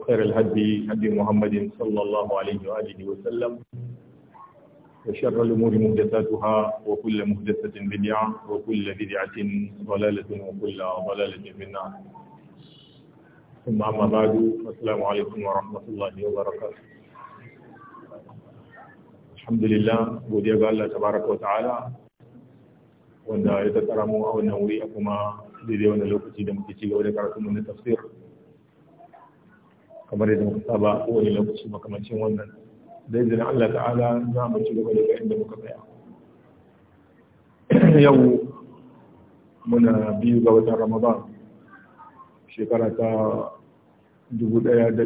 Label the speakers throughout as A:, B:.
A: وخير الهدي هدي محمد صلى الله عليه وآله وسلم وشر الأمور محدثاتها وكل محدثة بدعة وكل بدعة ضلالة وكل ضلالة في النار ثم أما بعد السلام عليكم ورحمة الله وبركاته الحمد لله ودي قال الله تبارك وتعالى وانا wanda او tattara mu a الوقت wuri a kuma من التفسير kamar yadda muka saba kowane lokaci makamacin wannan da izinin Allah ta'ala za mu ci gaba daga inda muka tsaya yau muna biyu ga watan Ramadan shekara ta 1446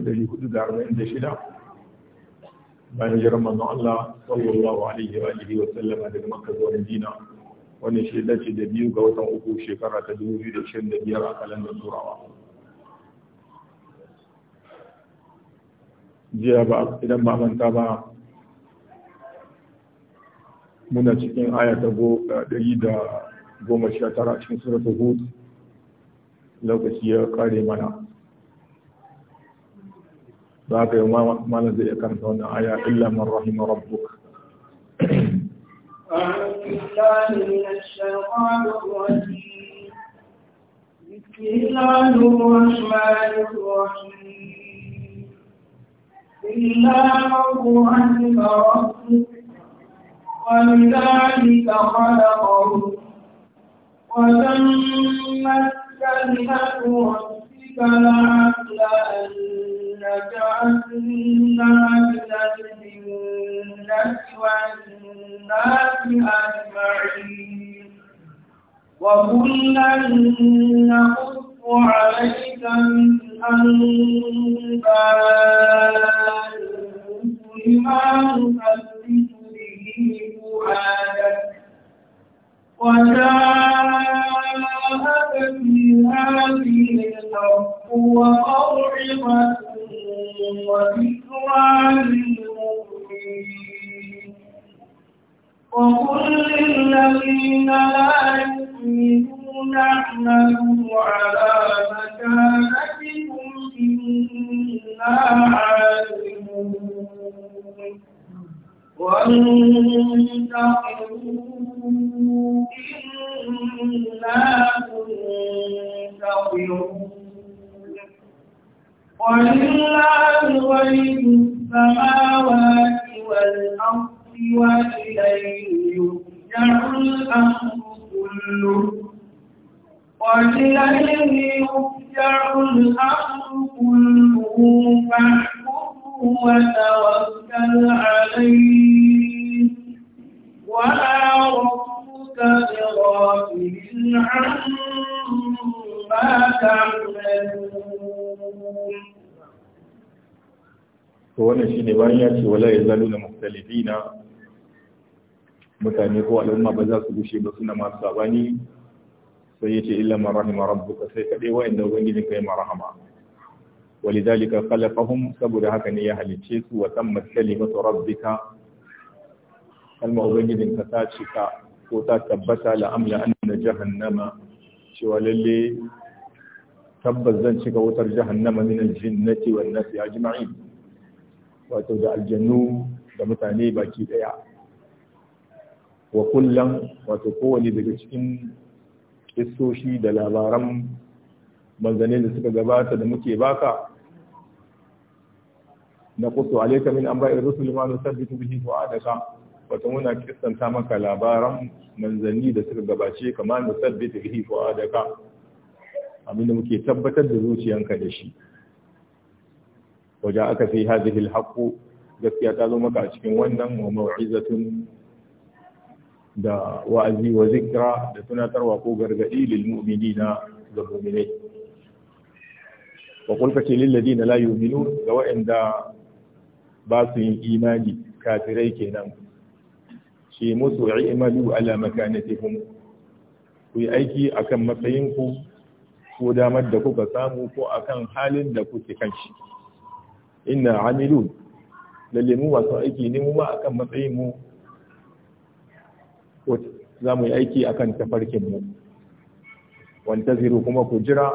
A: bayan jiran manzon Allah sallallahu alaihi wa alihi wa sallama daga Makka zuwa Madina wannan shi ce da biyu ga watan uku shekara ta 2025 a kalandar Turawa jiya ba idan ba manta ba muna cikin aya ta eh, ɗari da goma sha tara cikin suratul hud lokaci ya kare mana za ka yi mana zai iya karanta wannan aya illa man rahima rabbuk
B: بسم الله الرحمن الرحيم إلا من رحم ربك ولذلك خلقه وتمت كلمة ربك لعلأن جعلنا من الجنة والناس أجمعين وكلا نقص عليك من أنباء نثبت به فؤادك وجاءك في هذه الحق وموعظة وذكرى للمؤمنين وقل للذين لا يؤمنون اعملوا على مكانتكم إنا عاملون وانتقموا إنا منتقمون ولله غيب السماوات والأرض وإليه يرجع الأمر كله وإليه يرجع الأمر كله فاحكم وتوكل عليه وما ربك بغافل عما تعملون
A: wannan shi ne bayan ya ce wala ya zalu na mustalifina mutane ko al'umma ba za su gushe ba suna masu sabani sai ya ce illa marahima rabbuka sai kaɗai wa'inda ubangijinka ya marahama ولذلك خلقهم saboda haka ne ya halice su wa tammat kalimatu rabbika kalma ubangijin ka ta cika ko ta tabbata la amla anna jahannama cewa lalle tabbas zan cika wutar jahannama min aljinnati wan nasi ajma'in wato da aljannu da mutane baki ɗaya wa kullum wato kowane daga cikin kistoshi da labaran manzanni da suka gabata da muke baka bayar da من أنباء sabbin ما نثبت به فؤادك wato muna kistanta maka labaran manzanni da suka gabace kamar da sabbita bihi adaka. abinda muke tabbatar da zuciyanka da shi waje aka fi hadhihi alhaqu gaskiya ta zo maka a cikin wannan wa da wa'azi wa zikira da tunatarwa ko gargaɗi lil na ga mu'minai wa qul fa lil ladina la ga wa'anda ba su yin imani kafirai kenan shi musu i'malu ala makanatihum ku yi aiki akan matsayin ku ko damar da kuka samu ko akan halin da kuke kanshi inna amilu lalle mu wasu aiki ne mu ma akan matsayin mu ko za mu yi aiki akan tafarkin mu wantaziru kuma ku jira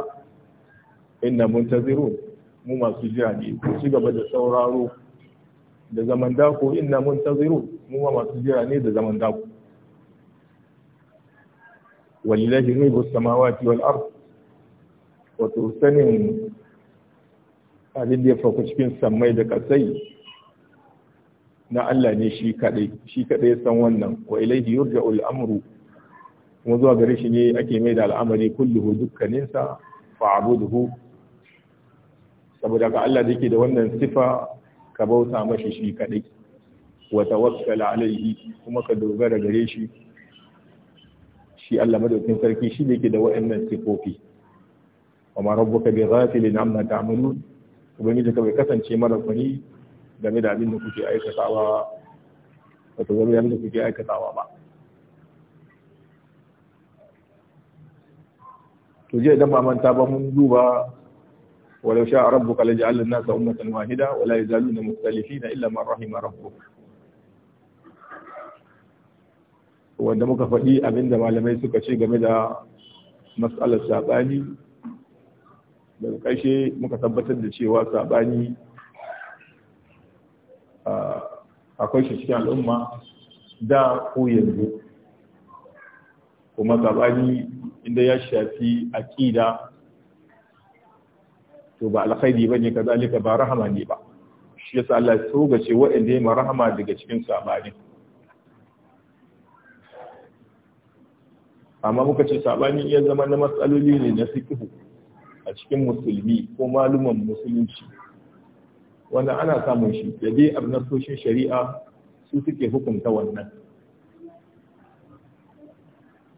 A: inna muntazirun mu masu jira ne ku ci gaba da sauraro da zaman dako inna muntaziru mu ma masu jira ne da zaman dako ne bu samawati wal ard wato sanin abin da ya faku cikin sammai da kasai na Allah ne shi kadai shi kadai san wannan wa ilaihi al amru kuma zuwa gare shi ne ake mai da al'amari kulluhu dukkaninsa fa'budhu saboda ga Allah da yake da wannan sifa ka bauta mashi shi kaɗai wa tawakkal alaihi kuma ka dogara gare shi shi Allah madaukin sarki shi ne ke da wa'annan sifofi wa ma rabbuka bi ghafilin amma ta'malun ubangiji ka bai kasance mara kuni game da abin da kuke aikatawa ba game da abin da kuke aikatawa ba to jiya dan ba manta ba mun duba ولو شاء ربك لجعل الناس أمة واحدة ولا يزالون مختلفين إلا من رحم ربك wanda muka faɗi abinda malamai suka ce game da matsalar saɓani daga ƙarshe muka tabbatar da cewa saɓani akwai shi cikin al'umma da ko yanzu kuma saɓani inda ya shafi aƙida to ba alkhairi bane kazalika ba rahama ne ba shi yasa Allah ya togace waɗanda ya rahama daga cikin sabani amma muka ce sabani iya zama na matsaloli ne na fiqh a cikin musulmi ko maluman musulunci wanda ana samun shi da dai abnasoshin shari'a su suke hukunta wannan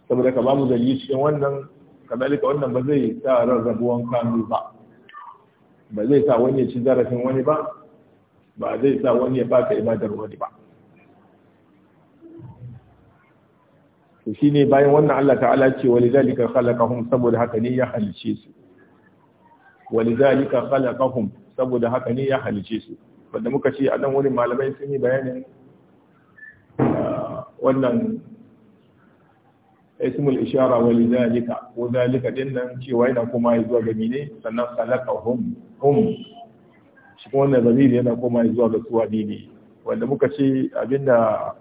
A: saboda ka ba mu dalili cikin wannan kadalika wannan ba zai sa rarrabuwan kanu ba ba zai sa wani ya ci zarafin wani ba ba zai sa wani ya baka ibadar wani ba to shine bayan wannan Allah ta'ala ce walizalika khalaqahum saboda haka ne ya halice su walizalika khalaqahum saboda haka ne ya halice su wanda muka ce a nan wurin malamai sun yi bayanin ah, wannan ismul ishara walizalika ko zalika din nan cewa yana kuma zuwa ga mine sannan khalaqahum hum shi kuma wannan zamiri yana koma zuwa ga su ne wanda muka ce abinda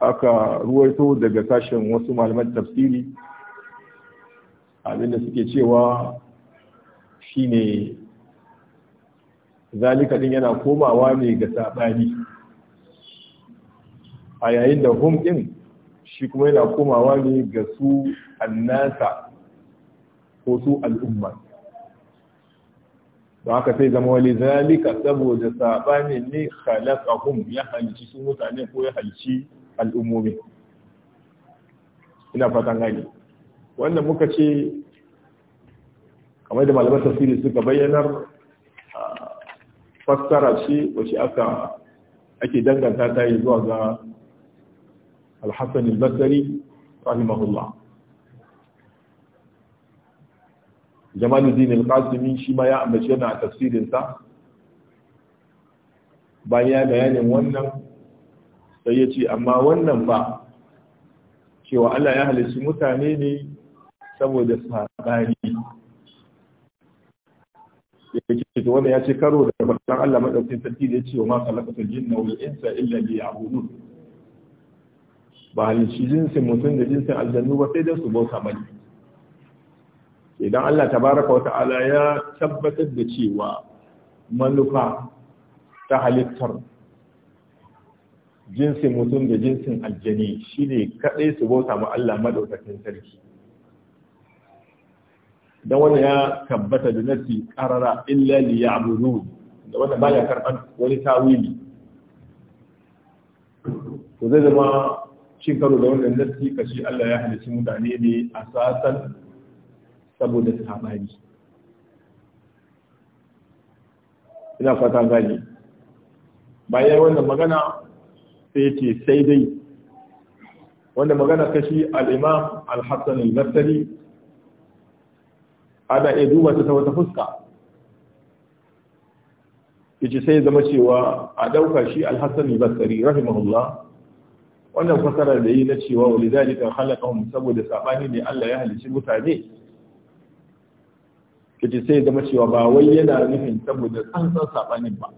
A: aka ruwaito daga sashen wasu malaman tafsiri abinda suke cewa shine zalika din yana komawa ne ga sabani a yayin da hum din shi kuma yana komawa ne ga su annasa ko su al'umma ba haka sai zama wani zalika saboda saɓanin ne khalaqahum ya halci su mutane ko ya halci al'ummomi ina fatan gani wannan muka ce kamar da malaman tafsiri suka bayyanar fassara ce wace aka ake danganta ta yi zuwa ga al-Hassan al-Basri rahimahullah jamaluddin al-qasimi shi ma ya ambace na tafsirin sa bayan ya bayanin wannan sai ya ce amma wannan ba cewa Allah ya halici mutane ne saboda saɓani ya ce ta wanda ya ce karo da faɗin Allah maɗaukin sarki da ya ce wa ma kalakatar jinna wa insa illa bi ya'budun ba halici jinsin mutum da jinsin aljannu ba sai dai su bauta mai idan Allah tabaraka wa ta'ala ya tabbatar da cewa manufa ta halittar jinsin mutum da jinsin aljani shine kadai su bauta ma Allah madaukakin sarki dan wannan ya tabbata da nasi qarara illa li ya'budun da wannan baya karban wani tawili to zai zama cin karo da wannan nasi kashi Allah ya halicci mutane ne asasan saboda sabani ina fata gani bayan wannan magana sai ce sai dai wanda magana kashi al-imam al-hassan al-basri ana iya duba ta wata fuska yace sai zama cewa a ɗauka shi al-hassan al-basri rahimahullah wannan fasarar da yi na cewa walidalika khalaqahum saboda sabani ne Allah ya halicci mutane kace sai zama cewa ba wai yana nufin saboda tsantsan saɓanin ba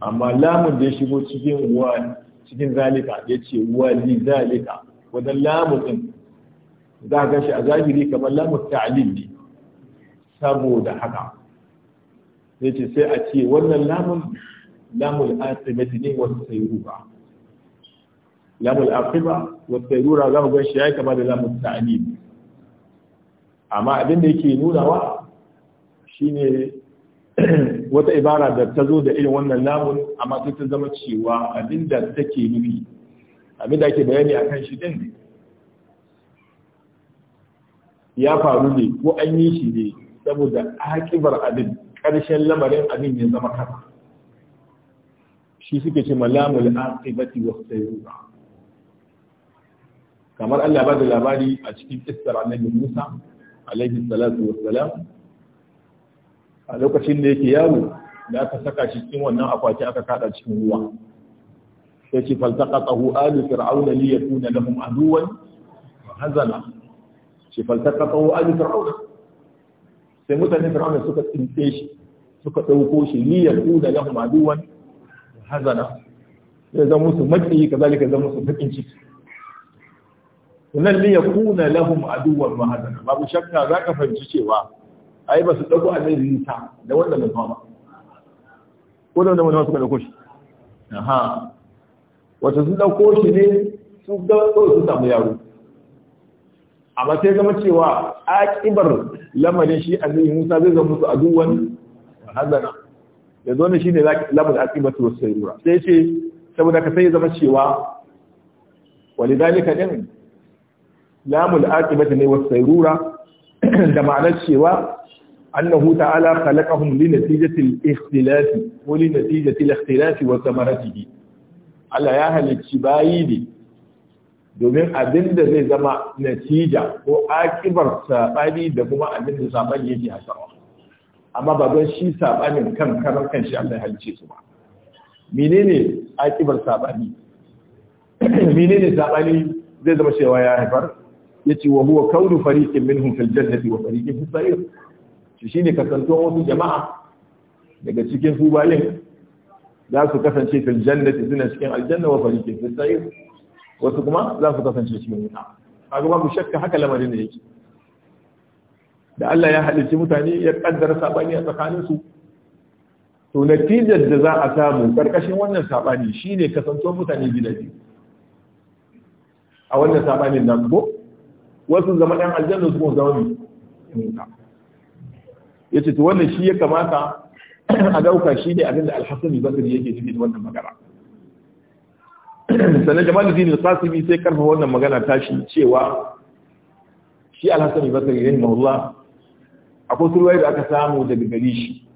A: amma lamun da ya shigo cikin wa cikin zalika ya ce wa li zalika wadan lamun din za ka shi a zahiri kamar lamun ta'lil ne saboda haka sai ce sai a ce wannan lamun lamul asibati ne wasu sayruba lamul aqiba wasu sayrura za ku ga shi yi kama da lamun ta'lil amma abin da yake nunawa shine wata ibara da ta zo da irin wannan lamun amma sai ta zama cewa abin da take nufi abin da ake bayani
B: a kan shi din
A: ya faru ne ko an yi shi ne saboda haƙibar abin ƙarshen lamarin abin ya zama haka shi suke ce malamul aqibati wa sayyura
B: kamar Allah ba da labari
A: a cikin kissar annabi Musa alaihi salatu wassalam a lokacin da yake yawo da aka saka shi cikin wannan akwati aka kada cikin ruwa sai ce faltaqatahu alu fir'auna li yakuna lahum aduwan hazana ce faltaqatahu alu fir'auna sai mutane fir'auna suka tsince shi suka dauko shi li yakuna lahum aduwan hazana sai zama musu maki kazalika zama su bakin ciki sunan li yakuna lahum aduwan wa hadana babu shakka za ka fahimci cewa ai ba su dauko annabi rinta da wanda mun fama ko da wanda suka dauko shi aha wata sun dauko shi ne su da su samu yaro amma sai zama cewa akibar lamarin shi annabi Musa zai zama musu aduwan wa hadana ya zo ne shine lamarin akibar su sai sai ce saboda ka sai zama cewa walidalika din lamul aqibati ne wasu sayrura da ma'anar cewa annahu ta'ala khalaqahum li natijati al-ikhtilaf wa li natijati al-ikhtilaf wa thamaratihi Allah ya halicci bayi ne domin abin da zai zama natija ko akibar sabani da kuma abin da sabani yake hasarwa amma ba don shi sabanin kan karan kan shi Allah ya halicce su ba menene akibar sabani menene sabani zai zama cewa ya haifar yace wa huwa kaunu fariqin minhum fil jannati wa fariqin fis sa'ir shi shine kasanto wasu jama'a daga cikin su balin za su kasance fil jannati suna cikin aljanna wa fariqin fis sa'ir wasu kuma za su kasance cikin wuta kaga babu shakka haka lamarin da yake da Allah ya halicci mutane ya kaddara sabani a tsakanin su to natijar da za a samu karkashin wannan sabani shine kasanto mutane gida biyu a wannan sabanin nan ko wasu zama ɗan aljanna su kuma zama ya ce to wannan shi ya kamata a ɗauka shi ne abinda alhassan basri yake nufi da wannan magana sannan jama'a da al-qasimi sai karfa wannan magana tashi cewa shi al-hasan basri rahimahullah akwai surwai da aka samu daga gari shi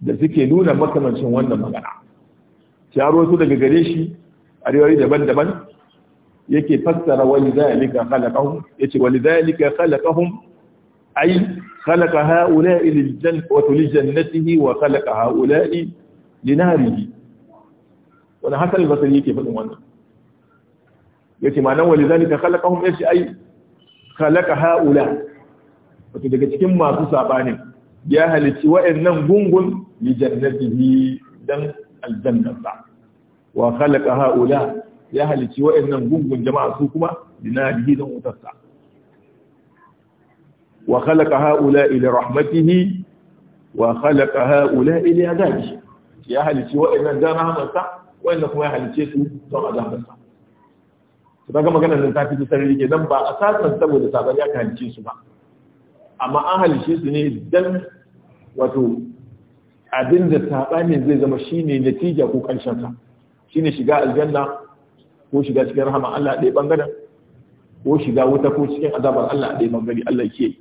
A: da suke nuna makamancin wannan magana ya daga gare shi a riwayoyi daban-daban yake fassara wani zalika Ya ce wani zalika khalaqahum ay khalaqa ha'ula'i lil jannati wa lil jannatihi wa khalaqa ha'ula'i linarihi wani hasan basri yake fadin wannan yace ma nan wani zalika khalaqahum yace ay khalaqa ha'ula wato daga cikin masu sabanin ya halici nan gungun na tihi jannatihi dan aljannata wa khalaqa ha'ula ya halici waɗannan gungun jama'a su kuma dinarihi don wutarsa wa khalaqa ha'ula'i li rahmatihi wa khalaqa ha'ula'i li azabihi ya halici waɗannan dan rahmarsa waɗannan kuma ya halice su don azabarsa to kaga maganar nan ta fito sarari ke dan ba asasan saboda sabar ya halice su ba amma an halice su ne dan wato abinda sabanin zai zama shine natija ko karshen sa shine shiga aljanna ko shiga cikin rahama Allah ɗaya ɓangaren ko shiga wuta ko cikin azabar Allah ɗaya ɓangare Allah ke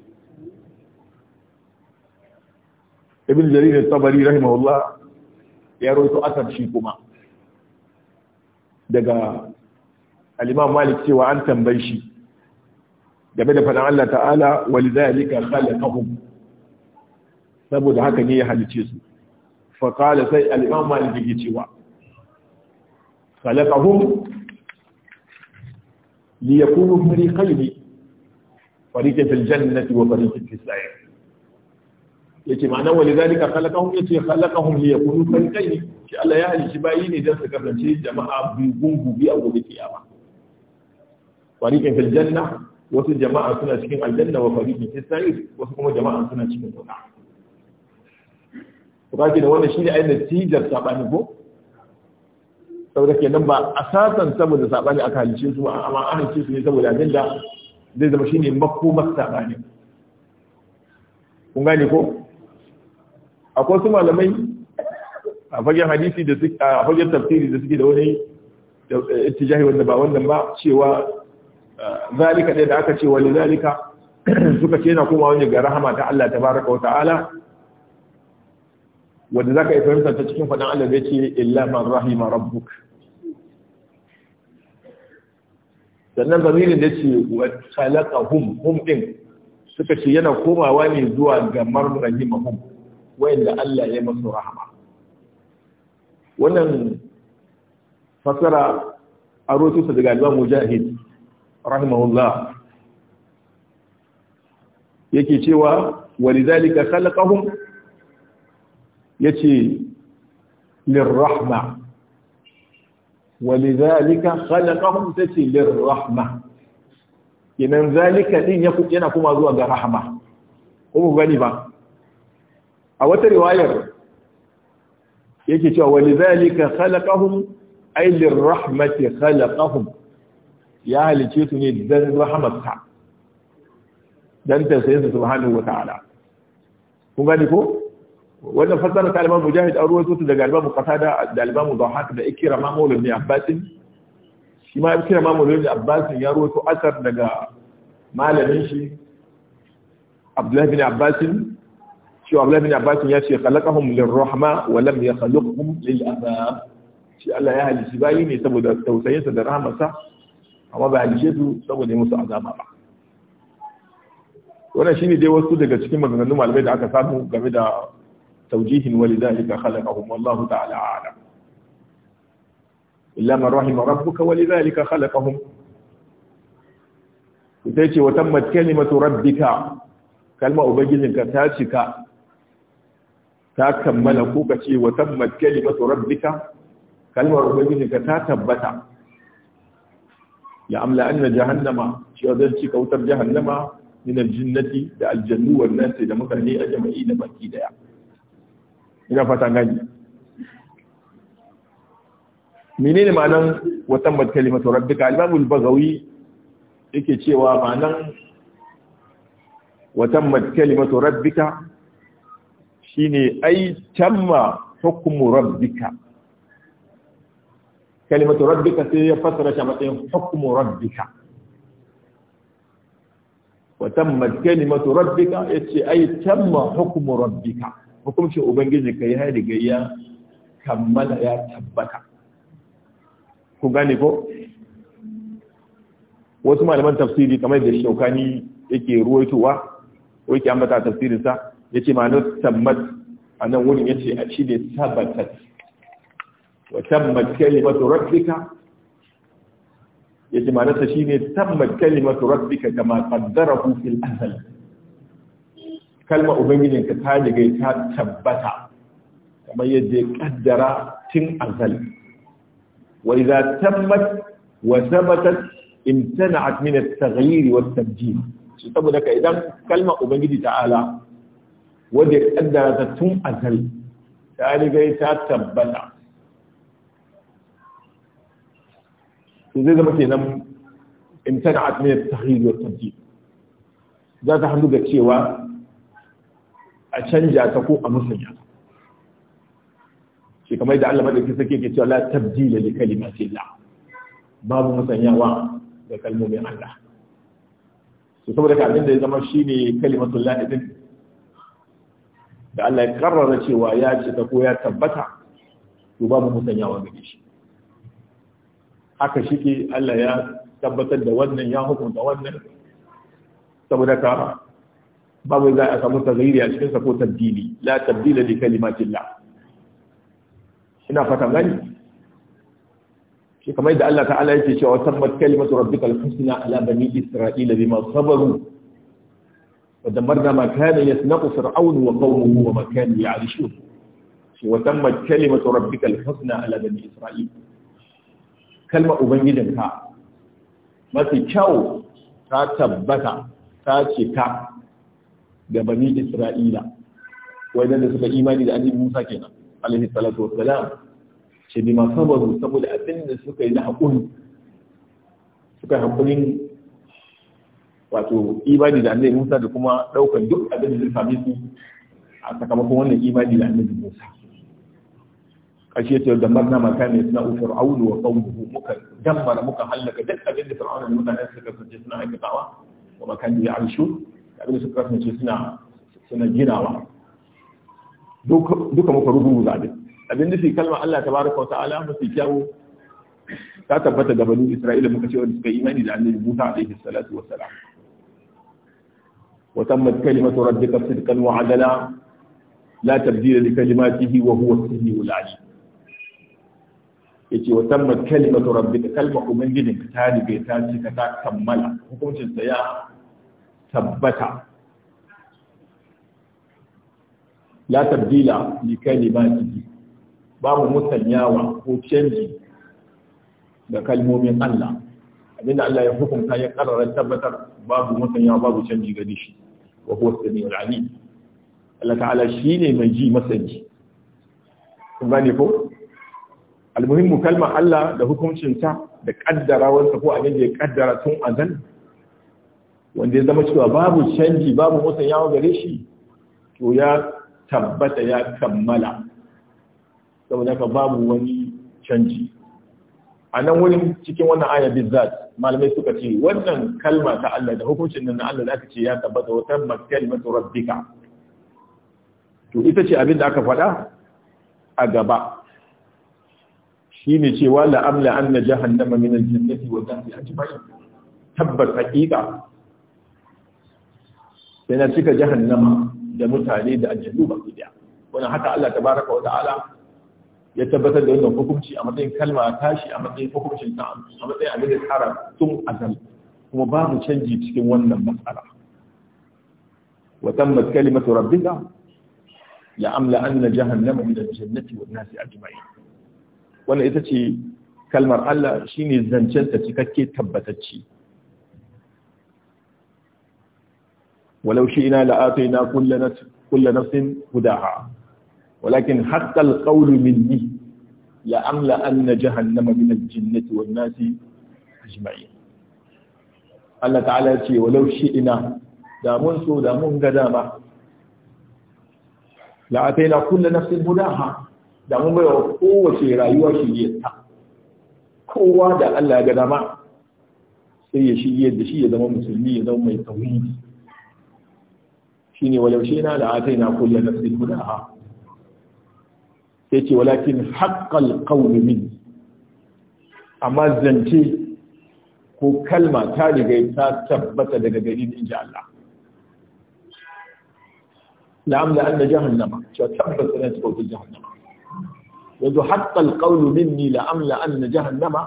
A: ibn jarir tabari rahimahullah ya rawaito asar shi kuma daga al-imam malik cewa an tambayi shi game da faɗin Allah ta'ala walidhalika khalaqahum saboda haka ne ya halice su fa qala sai al-imam malik yake cewa khalaqahum ليكونوا فريقين فريق في الجنة وفريق في السعير yace ma'ana wa lidhalika khalaqahum yace khalaqahum li yakunu fariqayn shi Allah ya halici bayi ne dan su kasance jama'a bi gungu bi a gobe kiyama fariqan fil janna wasu jama'a suna cikin aljanna wa fariqan fis sa'ir wasu kuma jama'a suna cikin wuta to sabani ko saboda kenan ba a satan saboda saɓani aka kalicin su amma an su ne saboda abinda zai zama shi ne makomar saɓani. kun gane ko akwai su malamai a fagen hadisi da su a fagen tafsiri da suke da wani eh, ittijahi wanda ba wannan ba cewa eh, zalika ɗaya da aka ce wani zalika suka ce yana koma wani ga rahama ta Allah baraka wa ta'ala wanda zaka yi fahimta ta cikin faɗin Allah zai ce illa man rahima rabbuka sannan zamirin da ce wa talaka hum hum din suka ce yana komawa ne zuwa ga marrahimahum wayanda Allah ya masu rahama wannan fasara a rotu daga Imam Mujahid rahimahullah yake cewa walidhalika khalaqahum yace lirrahma walidhalika khalaqahum tati lirrahma kinan zalika din yana kuma zuwa ga rahma ko gani ba a wata riwayar yake cewa walidhalika khalaqahum ay lirrahmati khalaqahum ya halice su ne dan rahmatsa dan tausayin su subhanahu wataala kun gani ko wannan fassara ta alimamu Mujahid an ruwaito su daga Imam kasa da don haka da Ikrama Maulid bin abbasin shi ma Ikrama Maulid bin abbasin ya ruwaito asar daga malamin shi Abdullahi bin abbasin shi abdullahi bin abbasin ya ce khalaqahum lirrahma wa lam yakhluqhum lil'adab shi Allah ya halici bayi ne saboda tausayinsa da rahmarsa amma ba halice su saboda musu azaba ba wannan shine dai wasu daga cikin maganganun malamai da aka samu game da توجيه ولذلك خلقهم والله تعالى أعلم إلا من رحم ربك ولذلك خلقهم وتأتي وتمت كلمة ربك كلمة أبجلك تاتك تاكم ملكوك وتمت كلمة ربك كلمة أبجلك تتبت أن جهنم شهدتك وتر جهنم من الجنة دا الجنة والناس دا مكاني أجمعين بكي يعني. ina fata gani menene ma'anan watan bat kalimatu rabbika al-imamul bagawi yake cewa ma'anan watan bat kalimatu rabbika shine ai tamma hukmu rabbika kalimatu rabbika sai ya fasara shi matsayin hukmu rabbika watan bat kalimatu rabbika yace ai tamma hukmu rabbika hukuncin ubangiji ka ya riga ya kammala ya tabbata ku gane ko wasu malaman tafsiri kamar da shaukani yake ruwaitowa ko yake ambata tafsirinsa Ya ce ma'anar tabbat a nan wurin ce a shi ne tabbatat wa tabbat kalimatu rabbika ce ma'anar ta ne tabbat kalimatu rabbika kama kaddara fil azal kalma ubangijinka ta riga ta tabbata kamar yadda ya kaddara tun azal wa idza tammat wa thabatat imtana'at min at-taghyir wa at-tabdil shi saboda ka idan kalma ubangiji ta'ala wanda ya kaddara ta tun azal ta riga ta tabbata to zai zama kenan imtana'at min at-taghyir wa at-tabdil za ta hannu ga cewa a canja ta ko a musanya shi kamar da Allah madauki sake ke cewa la tabdila li kalimatillah babu musanyawa da kalmomin Allah su saboda kamin da ya zama shine kalimatullah idin da Allah ya karrara cewa ya ce ta ko ya tabbata to babu musanyawa da shi haka ke Allah ya tabbatar da wannan ya hukunta wannan saboda ka babu za a samu tagayiri a cikin sa ko tabdili la tabdila li kalimatillah ina fatan gani shi kamar yadda Allah ta'ala yake cewa tabbat kalimatu rabbikal husna ala bani isra'ila bima sabaru wa damarna ma kana yasnaqu fir'aun wa qawmuhu wa ma kanu ya'rishun shi wa tabbat kalimatu rabbikal husna ala bani isra'ila kalma ubangijinka mafi kyau ta tabbata ta ce ta ga bani isra'ila wajen da suka imani da annabi musa kenan alaihi salatu wassalam ce bi ma sabaru saboda abin da suka yi da hakuri suka hakurin wato imani da annabi musa da kuma daukan duk abin da same su a sakamakon wannan imani da annabi musa ashe ta da marna maka ne suna ufar aulu wa qawmuhu muka dammara muka hallaka duk abin da fir'auna da mutanen suka kace suna aikatawa wa makan da ya arshu abin da suka kasance suna suna ginawa duka muka rubuta abin abin da fi kalma Allah tabaraka wa ta'ala mafi kyawu ta tabbata ga banu Isra'ila muka ce wanda suka imani da Annabi Musa alaihi salatu wa salam wa tammat kalimatu rabbika sidqan wa adala
B: la tabdila li kalimatihi
A: wa huwa as-sami'ul alim yace wa tammat kalimatu rabbika kalma ubangijin ta rige ta cika ta kammala hukuncin sa ya tabbata la tabdila li kalimatihi babu musanyawa ko canji da kalmomin Allah abinda Allah ya hukunta ya karara tabbatar babu musanyawa babu canji ga dishi wa huwa samiul alim Allah ta'ala shine mai ji masani kun gane ko almuhimmu kalmar Allah da hukuncinta da kaddarawarsa ko abin da ya kaddara tun azan wanda ya zama cewa babu canji babu motsin yawon gare shi to ya tabbata ya kammala saboda ka babu wani canji a nan wurin cikin wannan aya bizzat malamai suka ce wannan kalma ta Allah da hukuncin nan Allah da ce ya tabbata wa tabbat kalimatu rabbika to ita ce abin da aka faɗa a gaba shine cewa la amla anna jahannama min al-jannati wa nasi ajma'in tabbat haqiqa sai na cika jahannama da mutane da aljannu ba ku daya wannan haka Allah tabaraka wa ta'ala ya tabbatar da wannan hukunci a matsayin kalma tashi a matsayin hukuncin ta a matsayin abin da tsara tun azal kuma babu canji cikin wannan matsala wa tammat kalimatu rabbika la amla anna jahannama min al-jannati wan nasi ajma'in wannan ita ce kalmar Allah shine zancen ta cikakke ci. ولو شئنا لآتينا كل نفس كل نفس هداها ولكن حق القول مني لأملأن جهنم من الجنة والناس أجمعين Allah ta'ala ya ce walau ina da mun so da mun ga dama la ataina kullu nafsin hudaha da mun bayar kowace rayuwa shige ta kowa da Allah ya ga dama sai ya da shi ya zama musulmi ya zama mai tauhidi shine walau shi na da ataina kullu nafsin hudaha sai ce walakin haqqal ƙaunumin min amma zance ko kalma ta riga ta tabbata daga gari da inji Allah la'am da anna jahannama cewa tabbata na tsawata jahannama yanzu haqqal qawlu minni la'am la anna jahannama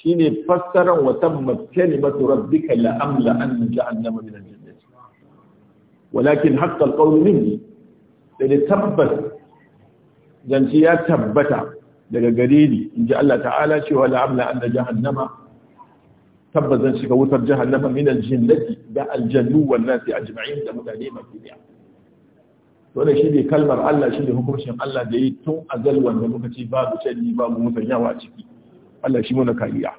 A: shine fassaran wa tammat kalimatu rabbika la'am la anna jahannama min al walakin haqqal qawlu minni tabbas zanci ya tabbata daga gare ni inji Allah ta'ala cewa la amla anna jahannama tabbas zan shiga wutar jahannama min aljinnati da aljannu wan nasi ajma'in da mutane mafi daya wannan shi ne kalmar Allah shi ne hukuncin Allah da yi tun azal wanda muka ce babu canji babu musanyawa a ciki Allah shi muna kariya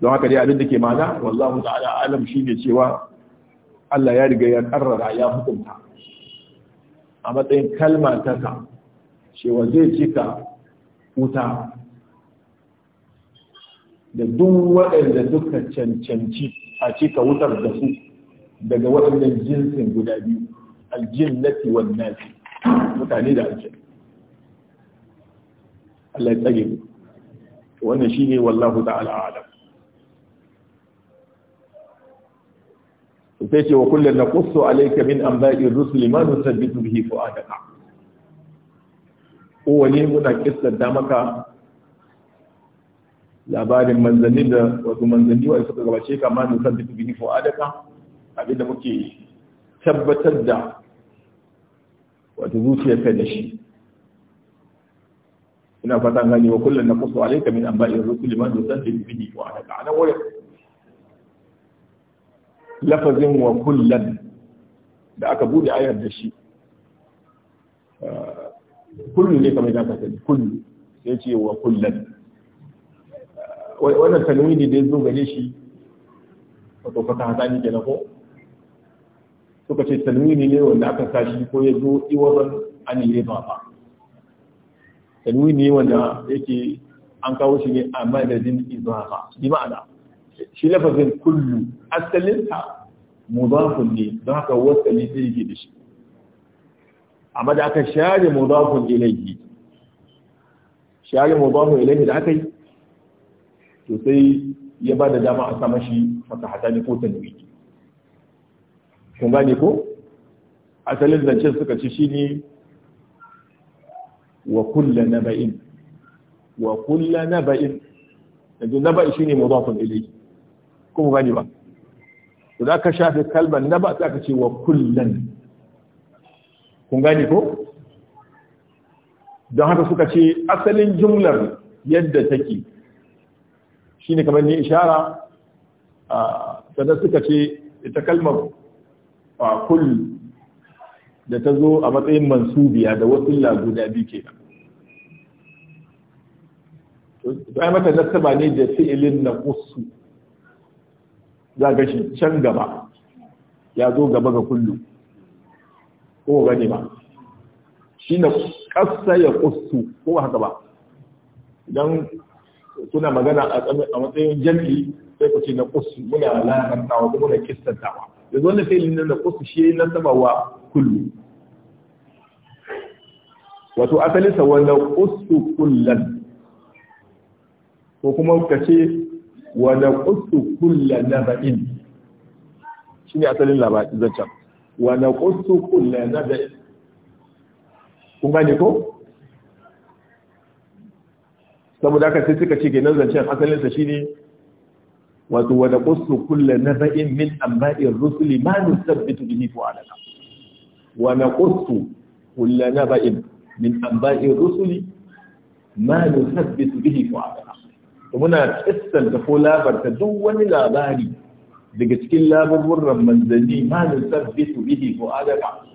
A: don haka dai abin da ke mana wallahu ta'ala alam shi ne cewa Allah ya riga ya karrara ya hukunta a matsayin kalma ta ka cewa zai cika wuta da duk waɗanda duka cancanci a cika wutar da su daga waɗannan jinsin guda biyu aljinnati wa nasi mutane da ake Allah ya tsage mu wannan ne wallahu ta'ala a'lam sai ce wa kullum na kusso alaika min an ba'in rusuli ma nun bitu bihi fu'adaka kowane muna kissanta maka labarin manzanni da wasu manzanni wa suka gabace ka ma nun bitu bihi fu'adaka abinda muke tabbatar da wata zuciyarka da shi ina fatan gani wa kullum na kusso alaika min an ba'in rusuli ma nun bitu bihi ko a nan wurin lafazin wa kullan da aka bude ayar da shi ah, kullu ne kamar yadda aka kullu sai ce wa kullan ah, wannan tanwini da ya zo gare shi wato fata hatani kenan ko suka ce tanwini ne wanda aka sashi ko ya zo iwaran an yi ba tanwini ne wanda yake an kawo shi ne a madadin izaha bi ma'ana shi lafazin kullu asalin ta mudafun ne don haka wasali sai yake da shi amma da aka share mudafun ilayhi share mudafun ilayhi da aka yi to sai ya ba da dama a sama shi fatahata ne ko ta tanwi kun gane ko asalin zancen suka ci shi shine wa kullu naba'in wa kullu naba'in yanzu shi ne mudafun ilayhi ko gani ba to da ka shafe kalban na ba sai ka ce wa kullan kun gani ko don haka suka ce asalin jumlar yadda take shine kamar ne ishara a sannan suka ce ita kalmar a kull da ta zo a matsayin mansubiya da wasilla guda biyu ke to ai mata nasaba ne da fi'ilin na usu za ga shi can gaba ya zo gaba ga kullu ko gani ba shi na ƙasa ya ƙustu ko haka ba idan suna magana a matsayin jami'i, sai ku ce na ƙustu muna lahantawa ko muna kistantawa da zo na filin na ƙustu shi na sama wa kullu wato asalinsa wanda ƙustu kullum ko kuma ka ce Wana na ƙusu naba'in shi ne asalin labarin zancen wa wana ƙusu kulla naba'in kun gane ko? saboda aka sai suka ce ke nan zancen asalinsa shi ne wato wana na ƙusu naba'in min amba'in rusuli ma nusabbitu bihi ko alaka, wana ƙusu kulla naba'in min amba'in rusuli ma nusabbitu bihi alaka. to muna kissanta ko labarta duk wani labari daga cikin labarurran manzanni ma da sabbitu bihi ko adaka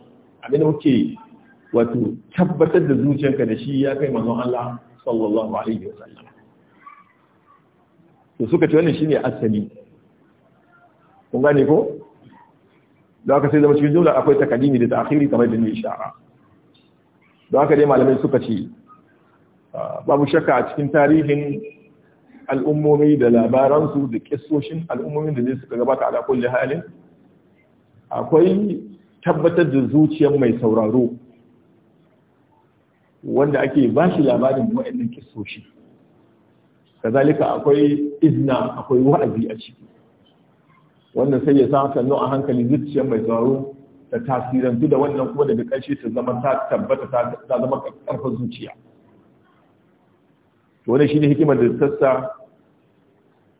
A: abin muke wato tabbatar da zuciyarka da shi ya kai manzon Allah sallallahu alaihi wasallam to suka ce wannan shine asali kun gane ko da aka sai zama cikin jumla akwai takalimi da ta'khiri kamar da ni ishara da aka dai malamai suka ce babu shakka a cikin tarihin al'ummomi da labaransu da kissoshin al'ummomin da zai suka gabata a kulli halin akwai tabbatar da zuciyar mai sauraro wanda ake ba shi labarin waɗannan kisoshi kazalika akwai izna akwai wa'azi a ciki wanda sai ya sa sannu a hankali zuciyar mai sauraro ta tasirantu da wannan kuma daga ƙarshe ta zama ta tabbata ta zama ƙarfin zuciya wani shi ne hikimar da sassa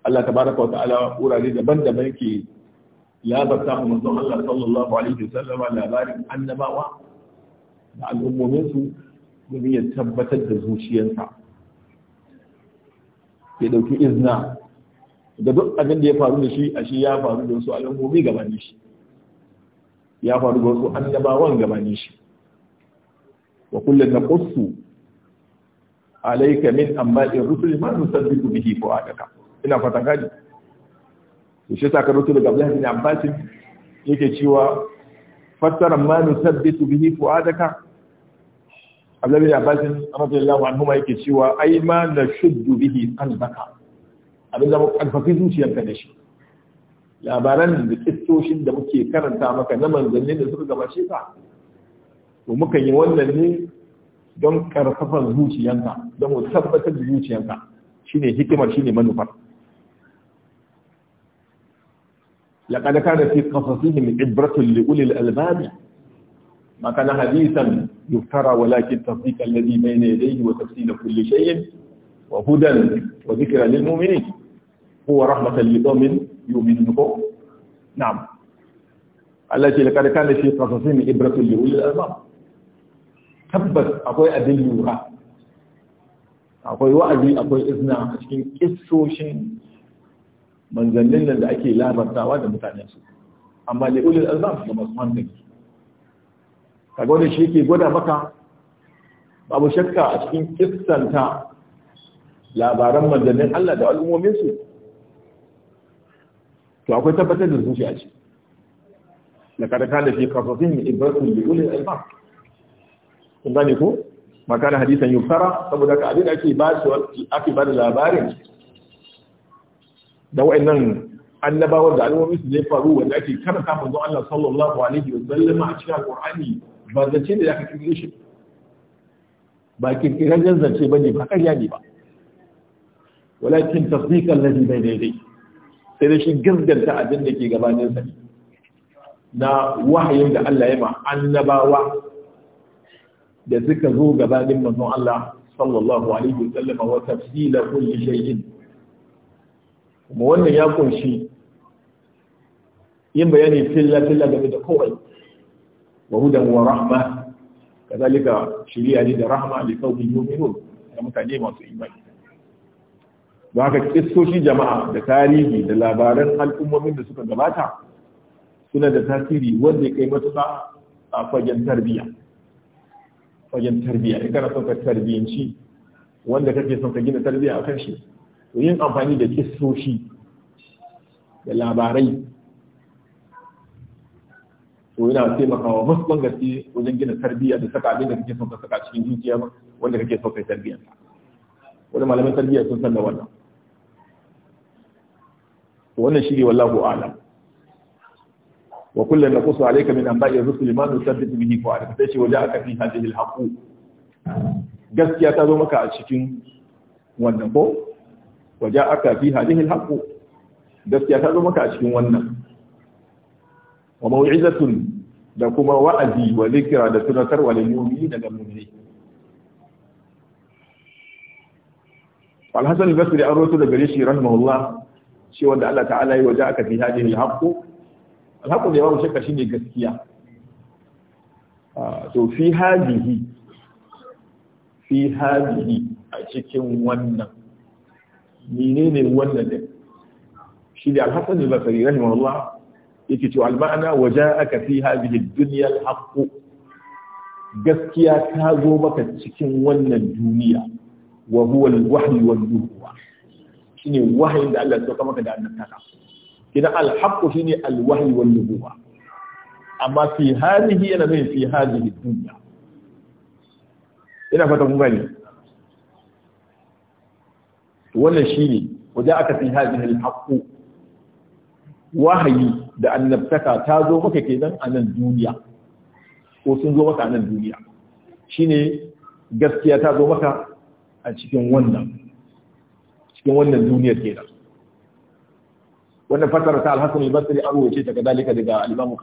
A: Allah baraka wa ta'ala wurare daban-daban yake labarta mu manzon Allah sallallahu alaihi wasallam labarin annabawa da al'ummomin su domin ya tabbatar da zuciyarsa ya dauki izna da duk abin da ya faru da shi a shi ya faru da wasu al'ummomi gaba ne shi ya faru da wasu annabawan ne shi wa kullu naqsu alayka min amba'in rusul ma nusabbitu bihi fu'adaka ina fatan kaji. to shi yasa karoto daga Abdullah bin Abbas yake cewa fassara ma sabbitu bihi fuadaka Abdullah bin Abbas radiyallahu anhu yake cewa ai ma shuddu bihi qalbaka abin da mu karfafi zuciyarka da shi labaran da kistoshin da muke karanta maka na manzanni da suka gabace ka to muka yi wannan ne don karfafa zuciyanka don mu tabbatar da zuciyanka shine hikimar shine manufar لقد كان في قصصهم عبرة لأولي الألباب ما كان حديثا يفترى ولكن تصديق الذي بين يديه وتفصيل كل شيء وهدى وذكرى للمؤمنين هو رحمة لقوم يؤمنون نعم التي لقد كان في قصصهم عبرة لأولي الألباب tabbas akwai abin lura akwai wa'azi akwai izna a cikin kissoshin manzannin nan da ake labartawa da mutane su amma da ulil azam da masu hankali kaga wanda shi ke gwada maka babu shakka a cikin kissanta labaran manzannin Allah da al'ummomin su to akwai tabbatar da zuciya ce لقد كان في قصصهم إبرة لأولي الألباب kun gane ko makana hadisan yufara saboda ka abin ake ba su ake ba da labarin da wa'annan annabawan da al'ummomi su zai faru wanda ake karanta manzo Allah sallallahu alaihi wa sallama a cikin Qur'ani ba zance ne zaka kirkire shi ba kirkiren zance bane ba ƙarya ne ba walakin tasdiq alladhi bayna yadayhi sai da shi gaskanta abin da ke gabanin sa na wahayin da Allah ya ma annabawa da suka zo gabanin manzo Allah sallallahu alaihi wa sallama wa tafsila kulli shay'in kuma wannan ya kunshi yin bayani filla filla game da kowai wa hudan wa rahma kazalika shiriya ne da rahma li qaumin yu'minun da mutane masu imani don haka kistoshi jama'a da tarihi da labaran al'ummomin da suka gabata suna da tasiri wanda ya kai matuƙa a fagen tarbiyya fagen tarbiyya in kana son ka tarbiyyanci wanda kake son ka gina tarbiyya a kan shi to yin amfani da kisoshi da labarai to yana taimakawa masu ban wajen gina tarbiyya da saka abin da kake son ka saka cikin zuciya wanda kake son kai tarbiyya wani malamin tarbiyya sun san da wannan to wannan shi ne wallahu a'lam wa kullun naqsu alayka min anba'i rusuli ma nusaddiqu bihi alaka sai wa waje fi hadhihi alhaqu gaskiya ta zo maka a cikin wannan ko waje aka fi hadihin haƙo gaskiya ta zo maka a cikin wannan wa mau'izatun da kuma wa'azi wa zikira da tunatar wa lalmumi daga mummuni alhassan basri an rotu shi rishi rahimahullah shi wanda Allah ta'ala yi waje aka fi hadihin haƙo alhaƙo da yawon shakka shi ne gaskiya ah, to fi hadihi fi hadihi a cikin wannan menene wannan din shi da alhassan al-basri rahimahullah yake cewa al-ma'ana waja'aka fi hadhihi ad-dunya al-haqq gaskiya ta zo maka cikin wannan duniya wa huwa al-wahyi wa nubuwa shine wahayin da Allah ya sauka maka da annabtaka idan al-haqq shine al-wahyi wa nubuwa amma fi hadhihi yana nufin fi hadhihi ad-dunya ina fata kun gani wannan shi ne wajen aka fi hajjin alhaƙo wahayi da annabtaka ta zo maka kenan a nan duniya ko sun zo maka a nan duniya ne gaskiya ta zo maka a cikin wannan cikin wannan duniyar kenan wannan fasar ta alhassan al-basri an ruwace ta kadalika daga al-imam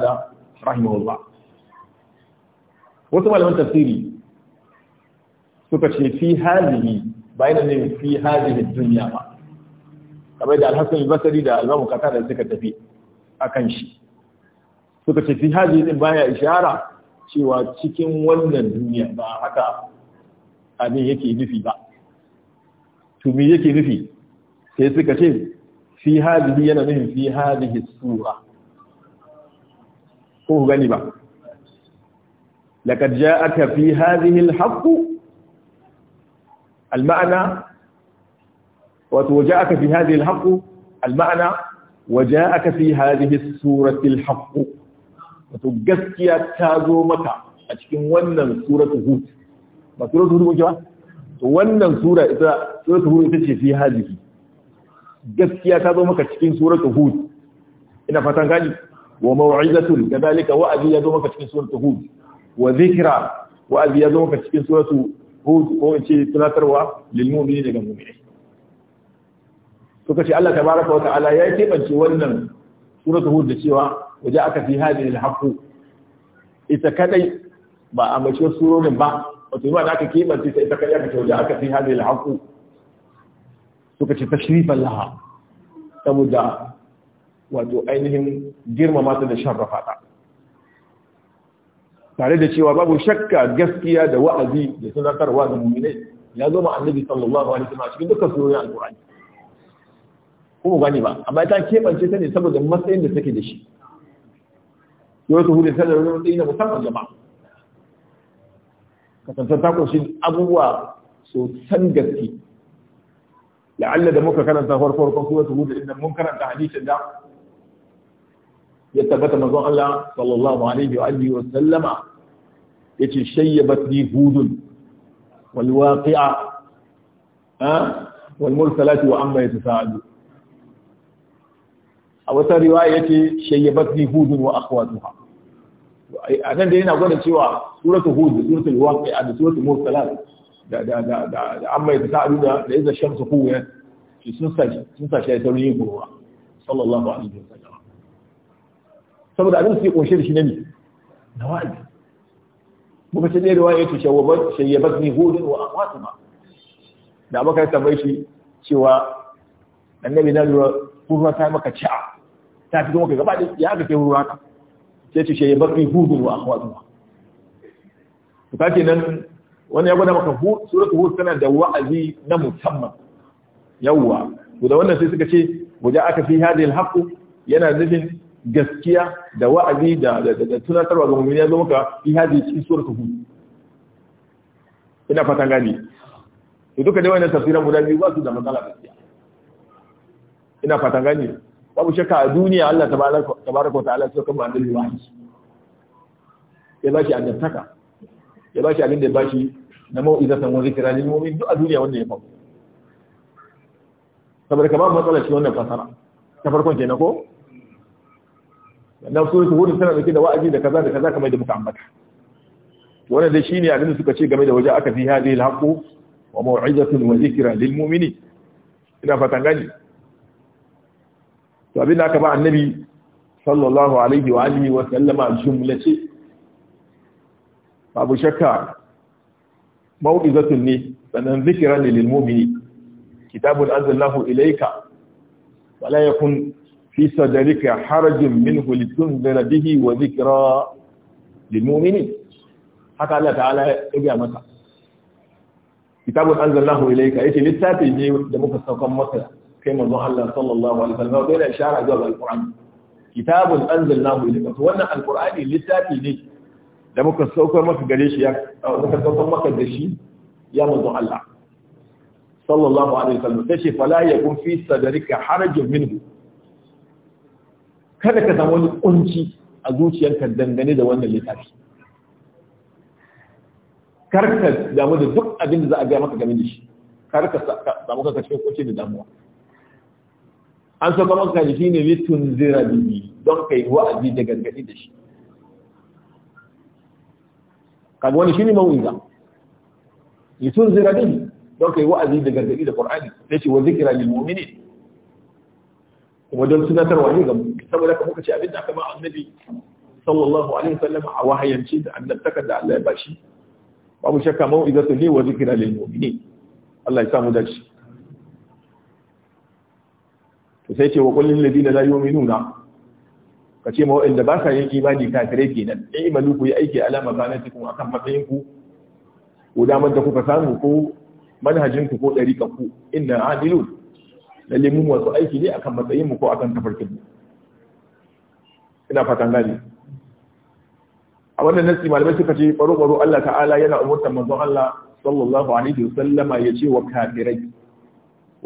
A: da rahimahullah wasu malaman tafsiri suka ce fi hadhihi ba ne fi hadhihi dunya ba kamar da al-Hasan al-Basri da al-Imam Qatada suka tafi akan shi suka ce fi hadhihi din baya ishara cewa cikin wannan duniya ba haka abin yake nufi ba to me yake nufi sai suka ce fi hadhihi yana nufin fi hadhihi sura ko gani ba laqad ja'aka fi hadhihi al-haqqu المعنى وجاءك في هذه الحق المعنى وجاءك في هذه السورة الحق وتجسكي تازو مكة أتكين ونن سورة هود ما سورة هود مجوة ونن سورة إذا سورة هود إذا في هذه جسكي تازو مكة أتكين سورة هود إن فتنغاني وموعظة كذلك وأذي يزو مكة أتكين سورة هود وذكرى وأذي يزو مكة أتكين سورة hud ko in ce tunatarwa lil mu'mini daga mu'mini suka ce Allah tabaraka wa ta'ala ya kebance wannan suratul hud da cewa waje aka fi hadhihi al-haqq ita kadai ba a mace surorin ba wato yi ba da aka kebance ta ita kadai aka ce waje aka fi hadhihi al-haqq suka ce tashrifan laha saboda wato ainihin girmama ta da sharrafa ta tare da cewa babu shakka gaskiya da wa'azi da sadakarwa da mu'minai ya zo ma annabi sallallahu alaihi wasallam cikin dukkan surorin alqur'ani ko gani ba amma ta kebance ta ne saboda matsayin da take da shi yau ta hudu sanar da matsayi na musamman jama'a kasance ta kunshi abubuwa sosan gaske la'alla da muka karanta farko farko suwatu hudu inda mun karanta hadisin da يتبت مزون الله صلى الله عليه وآله وسلم يتشيبت لي هود والواقعة والمرسلات وأما يتساعد أو رواية شيبت لي هود وأخواتها أنا دينا أقول سوى سورة هود سورة الواقعة سورة المرسلات أما يتساعد إذا الشمس قوية في سنسج سنسج يتولين صلى الله عليه وسلم saboda abin su yi kunshe da shi na ni, na wa'azi kuma ce ne riwaya yace shawwabat shayyabar ni hudun wa aqwatuma da abaka ya tambayi shi cewa annabi na lura kurwa ta maka ci'a ta fito maka gaba da ya haka ke ruwa ka sai ce shayyabar ni hudun wa aqwatuma to ce nan wani ya gwada maka suratul hudu tana da wa'azi na musamman yawwa to da wannan sai suka ce waje aka fi hadin haƙu yana nufin gaskiya da wa'azi da da tunatarwa ga mummuni ya zo maka fi hadi cikin suratul hud ina fatan gani to duka dai wannan tafsirin guda biyu ba su da matsala gaskiya ina fatan gani babu shakka a duniya Allah tabaraka tabaraka ta'ala su kan bandin wahi ya bashi annabtaka ya bashi abin da ya bashi na mau'izatan wa zikra lil mu'min duk a duniya wanda ya faɗo saboda kamar matsalar shi wannan fasara ta farkon kenan ko na suratul hud tana dauke da wa'azi da kaza da kaza kamar da muka ambata wannan dai shine abin da suka ce game da waje aka fi hadhihi alhaqu wa maw'izatun wa dhikra lil mu'minin ina fatan gani to abin da aka ba annabi sallallahu alaihi wa alihi wa sallama ce. babu shakka maw'izatun ne sannan dhikran lil mu'minin kitabun Anzalahu ilayka wala yakun في صدرك حرج منه لتنذر به وذكرى للمؤمنين حتى الله تعالى يجي متى كتاب انزلناه اليك ايش لساتي جي دمك سوكم متى كما الله صلى الله عليه وسلم وقال اشاره جواب القران كتاب انزلناه اليك وانا القران لساتي جي دمك سوكم متى غريش يا دمك سوكم متى غريش يا مضو الله صلى الله عليه وسلم فلا يكون في صدرك حرج منه kada ka samu wani kunci a zuciyarka dangane da wannan littafi kar ka damu da duk abin da za a gaya maka game da shi kar ka samu kanka cikin kunci da damuwa an so kuma ka shi ne litun zira bibi don kai wa'azi da gargadi da shi kaga wani shine mau'iza litun zira bibi don kai wa'azi da gargadi da qur'ani sai ce wa zikra lil mu'minin kuma don tunatarwa ne ga mu'mini saboda ka muka ce abin da aka ba annabi sallallahu alaihi wasallam a wahayance da annabtaka da Allah ya bashi Ba mu shakka mau'izatu li wa zikra lil mu'minin Allah ya samu dace to sai ce wa qul lil ladina la yu'minuna ka ce ma wa'anda ba ka yin imani kafirai kenan in imanu ku yi aiki alama kanatikum akan matsayin ku ko damar da kuka samu ko manhajin ku ko dariƙa ku inna adilun lalle mu wasu aiki ne akan matsayin mu ko akan tafarkin mu ina fatan gani a wannan nasi malamai suka ce baro baro Allah ta'ala yana umurta manzon Allah sallallahu alaihi Sallama ya ce wa kafirai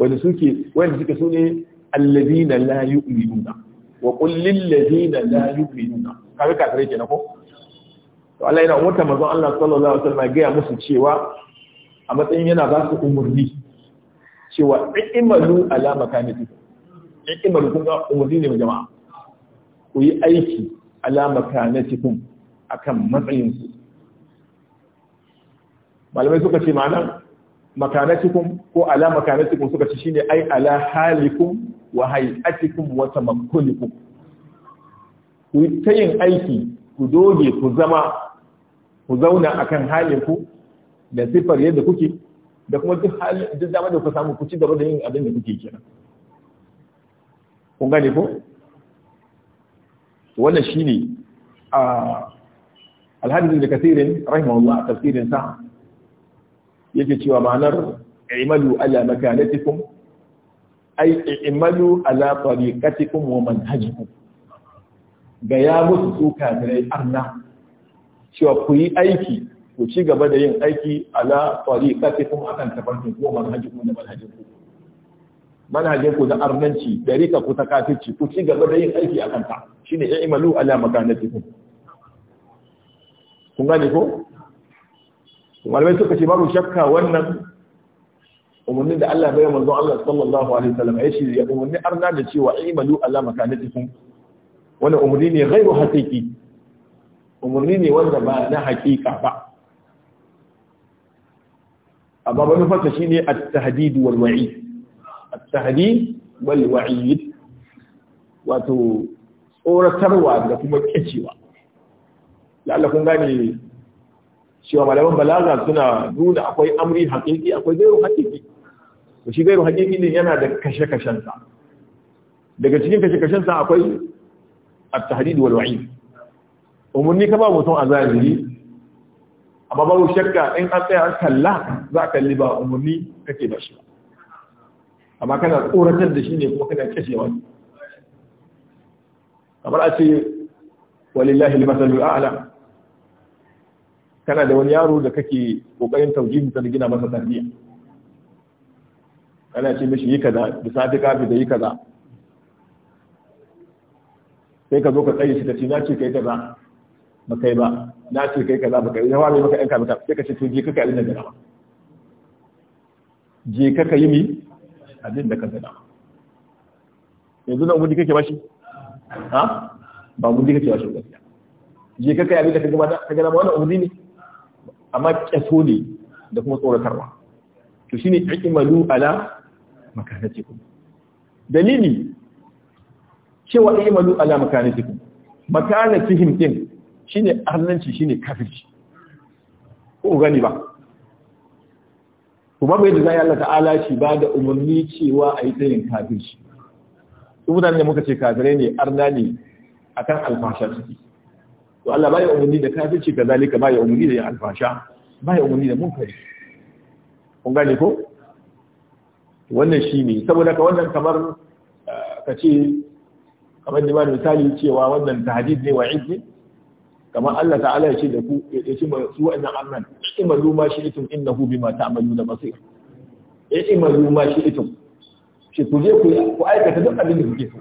A: wanda suke wanda suke sune allazina la yu'minuna wa qul lil ladina la yu'minuna kaga kafirai kenan ko to Allah yana umurta manzon Allah sallallahu alaihi Sallama ga ya musu cewa a matsayin yana ba su umurni cewa imalu ala makanati imalu kun ga umurni ne jama'a ku yi aiki alamaka na cikin kan matsayinsu malamai suka ce ma'anar makanatikum ko ala makanatikum suka ce shi ne ai ala halikun wa hayatikum wata tamakkulikum ku yi ta yin aiki ku doge ku zama ku zauna akan halinku da siffar yadda kuke da kuma duk halin da ku samu ku da yin abin da kuke kira Ku gane ko wannan shine a Alhadin da kasirin rahimahullah tafsirin sa yake cewa ma'anar i'malu ala makanatikum ay i'malu ala tariqatikum wa manhajikum ga ya musu su kafirai arna cewa ku yi aiki ku ci gaba da yin aiki ala tariqatikum akan tafarkin ko manhajikum da manhajikum manhajin ku na arnanci dariƙa ku ta kafirci ku ci gaba da yin aiki akan ta shine i'malu ala makanatikum kun gane ko malamai suka ce babu shakka wannan umarnin da Allah bai manzon Allah sallallahu alaihi wasallam ya shi ya umarni arna da cewa i'malu ala makanatikum wannan umarni ne ghairu haqiqi umarni ne wanda ba na hakika ba amma ba nufarta shine at-tahdid wal wa'id at-tahdid wal wa'id wato tsoratarwa da kuma kicewa lalla gane cewa malaman balaga suna nuna akwai amri haƙiƙi akwai gairu haƙiƙi to shi gairu haƙiƙi ne yana da kashe-kashensa daga cikin kashe-kashensa akwai at-tahdid wal wa'id umurni ka ba mutum a zahiri amma babu shakka in an tsaya kalla za kalli ba umarni kake ba ba amma kana tsoratar da shi ne kuma kana kashe wani kamar a ce walillahi limasalu a'la kana da wani yaro da kake kokarin tauji da gina masa tarbiyya kana ce mishi yi kaza da safi kafi da yi kaza sai ka zo ka tsaye shi ka ce na ce kai kaza ba kai ba na ce kai kaza ba kai na wani maka yanka maka sai ka ce to je kaka abin da gaba je kaka yi mi abin da ka gada yanzu na gudu kake bashi ha ba gudu kake bashi gaskiya je ka kai abin da ka gada ka gada wannan umarni ne amma kyaso ne da kuma tsoratarwa to shine ikimalu ala makanatikum dalili cewa ikimalu ala makanatikum makanatihim din shine arnanci shine kafirci ko gani ba kuma bai da zai Allah ta'ala shi ba da umarni cewa a yi tsayin kafin shi su mutane da muka ce kafirai ne arna ne a kan alfasha suke to Allah ba ya umarni da kafin ce zalika ba ya umarni da yin alfasha ba ya umarni da munkari kun gane ko wannan shi ne saboda ka wannan kamar eh, ka ce kamar da ba misali cewa wannan tahdid ne wa'id ne kamar Allah ta'ala ya ce da ku ya ce su wa'annan annan imalu ma shi itum innahu bima ta'maluna basir ya imalu luma shi itum shi ku je ku aikata duk abin da kuke so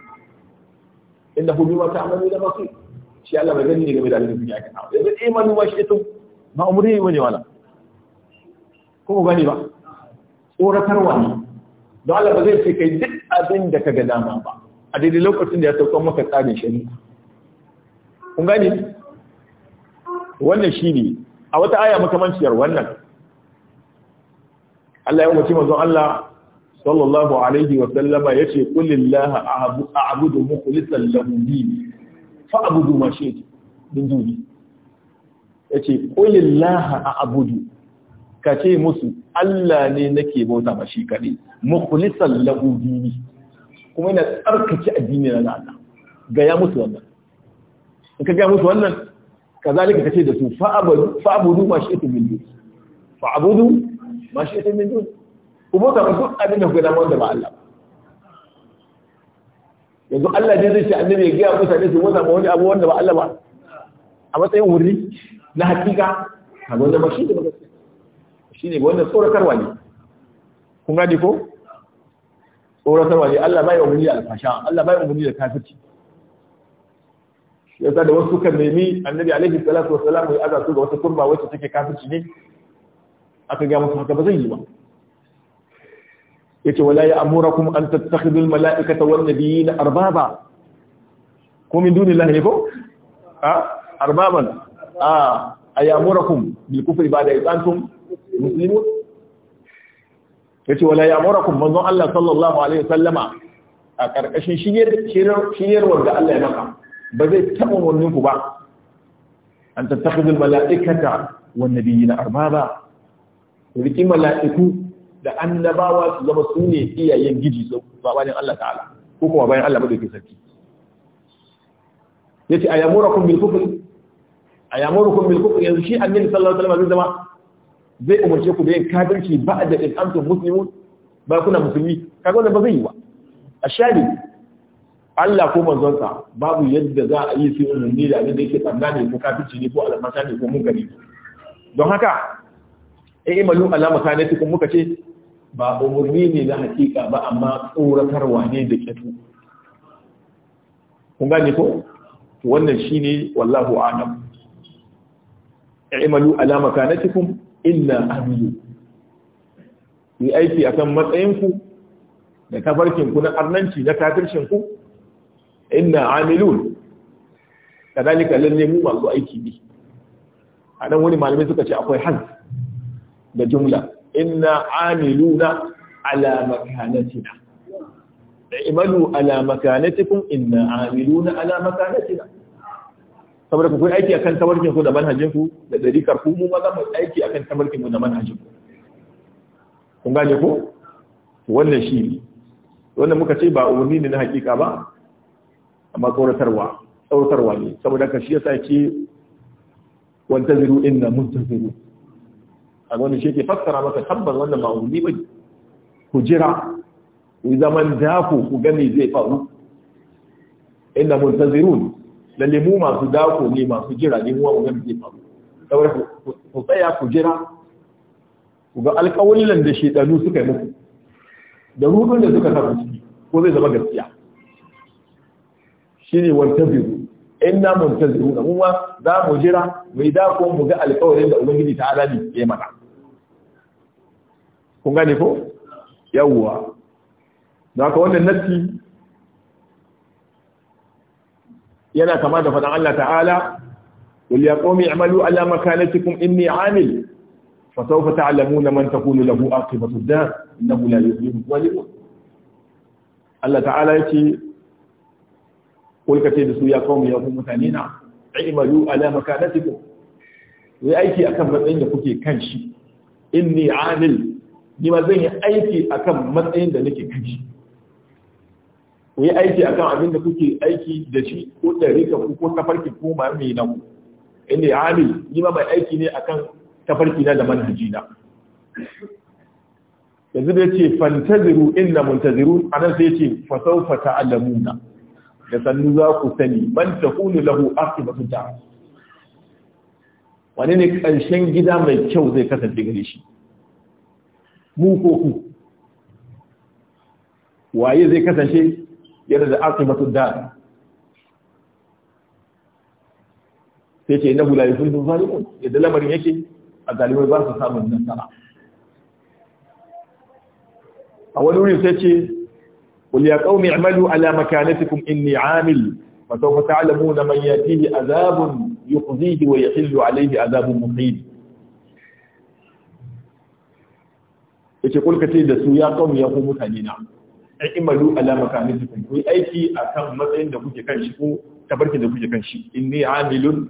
A: innahu bima ta'maluna basir shi Allah bai gani ne game da abin da kuke aikata yanzu imalu luma shi itum ba umri wani wala ko gani ba tsoratarwa ne don Allah ba zai ce kai duk abin da ka ga dama ba a daidai lokacin da ya sauka maka tsarin shari'a kun gani wannan shi ne, a wata aya makamanciyar wannan Allah ya umarci manzon Allah sallallahu alaihi wa sallama yace qulillaha a'budu mukhlishan lahu dini fa'budu ma shi'tu min duni yace qulillaha a'budu kace musu Allah ne nake bauta ba shi kadai mukhlishan lahu dini kuma ina tsarkake addini na Allah ga ya wannan in ka ga musu wannan kazalika kace da su fa abudu ma shi'tum min dun abudu ma shi'tum min dun ku bauta ku duk abin da ku da wanda ba Allah yanzu Allah ne zai ce annabi ya gaya mutane su wata ba wani abu wanda ba Allah ba a matsayin wuri na hakika a wanda ba shi da ba shi ne wannan tsoratarwa ne kun gani ko tsoratarwa ne Allah bai umarni da alfasha Allah bai umarni da kafirci yasa da wasu kan nemi annabi alaihi salatu wassalam ya aza su ga wata kurba wacce take kafirci ne aka ga musu haka ba zai yi ba yace wala ya amurakum an tattakhidul malaikata wan nabiyina arbaba ko min dunillahi ne ko a arbaban a ayamurakum bil kufri ba'da id antum muslimun yace wala ya amurakum manzon Allah sallallahu alaihi wasallama a karkashin shiryar shiryar wanda Allah ya maka ba zai taɓa umarnin ba an tattakhidul mala'ikata na nabiyina arbaba riki mala'iku da annabawa su zama su ne iyayen giji bayan Allah ta'ala ko kuma bayan Allah madaukakin sarki yace ayamurakum bil kufr ayamurakum bil kufr yanzu shi annabi sallallahu alaihi wasallam zai zama zai umarce ku da yin kafirci da in antum muslimun ba kuna musulmi kaga wannan ba zai yi ba A ashadi Allah ko manzonsa babu yadda za a yi sai umarni da abin da yake tsanda ne ko kafici ne ko almasa ne ko gari. don haka in imalu alama ta ne tukun muka ce ba umarni ne na hakika ba amma tsoratarwa ne da kyatu kun gane ko wannan shine wallahu a'lam i'malu ala kuma illa amilu yi aiki akan matsayinku da kafarkinku na arnanci na kafircinku inna amilun kadalika lalle mu masu aiki ne a nan wani malamai suka ce akwai hal da jumla inna amiluna ala makanatina da imalu ala makanatikum inna amiluna ala makanatina saboda ku aiki akan tabarkin ku da manhajin ku da dariƙar ku mu ma za mu aiki akan tabarkin mu da manhajin ku kun gane ko wannan shi ne wannan muka ce ba umarni ne na hakika ba amma tsoratarwa tsoratarwa ne saboda ka shi yasa ke wanta ina inna zuru a wani shi ke fassara maka tabbas wannan ba umarni ba ku jira ku zaman dako ku gani zai faru inna zuru lalle mu masu dako ne masu jira ne mu gani zai faru saboda ku tsaya ku jira ku ga alƙawullan da ɗanu suka yi muku da rudun da suka sa ku ciki ko zai zama gaskiya shine wantabiru inna muntaziruna mu ma za mu jira mai yi dako mu ga alƙawarin da ubangiji ta alabi ya mana kun gane ko yawwa da ka wannan nassi yana kama da faɗan Allah ta'ala قل يا قوم اعملوا على مكانتكم إني عامل فسوف تعلمون من تكون له عاقبة الدار إنه لا يظلم الظالمون الله تعالى يتي kul kace da su ya kawo ya ku mutane na i'malu ala makanatikum yi aiki akan matsayin da kuke kan shi inni amil ni ma zan yi aiki akan matsayin da nake kan shi yi aiki akan abin da kuke aiki da shi ko tarika ku ko tafarki ko ma mai na ku inni amil ni ma mai aiki ne akan tafarki na da manhaji na yanzu da yace fantaziru inna muntazirun anan sai yace fasawfa ta'lamuna da sannu za ku sani ban ta takunu lahu aqibatu ta wani ne ƙarshen gida mai kyau zai kasance gare shi mu ko ku waye zai kasance yadda da aqibatu da sai ce innahu la yuflihu zalimun yadda lamarin yake a zalimai ba su samun nasara a wani wuri sai ce قل يا قوم اعملوا على مكانتكم إني عامل فسوف تعلمون من يأتيه عذاب يخزيه ويحل عليه عذاب مقيم yace kulka ce da su ya kawo ya ku mutane na imalu ala makanatikum ku aiki akan matsayin da kuke kan shi ko tabarkin da kuke kan shi inni amilun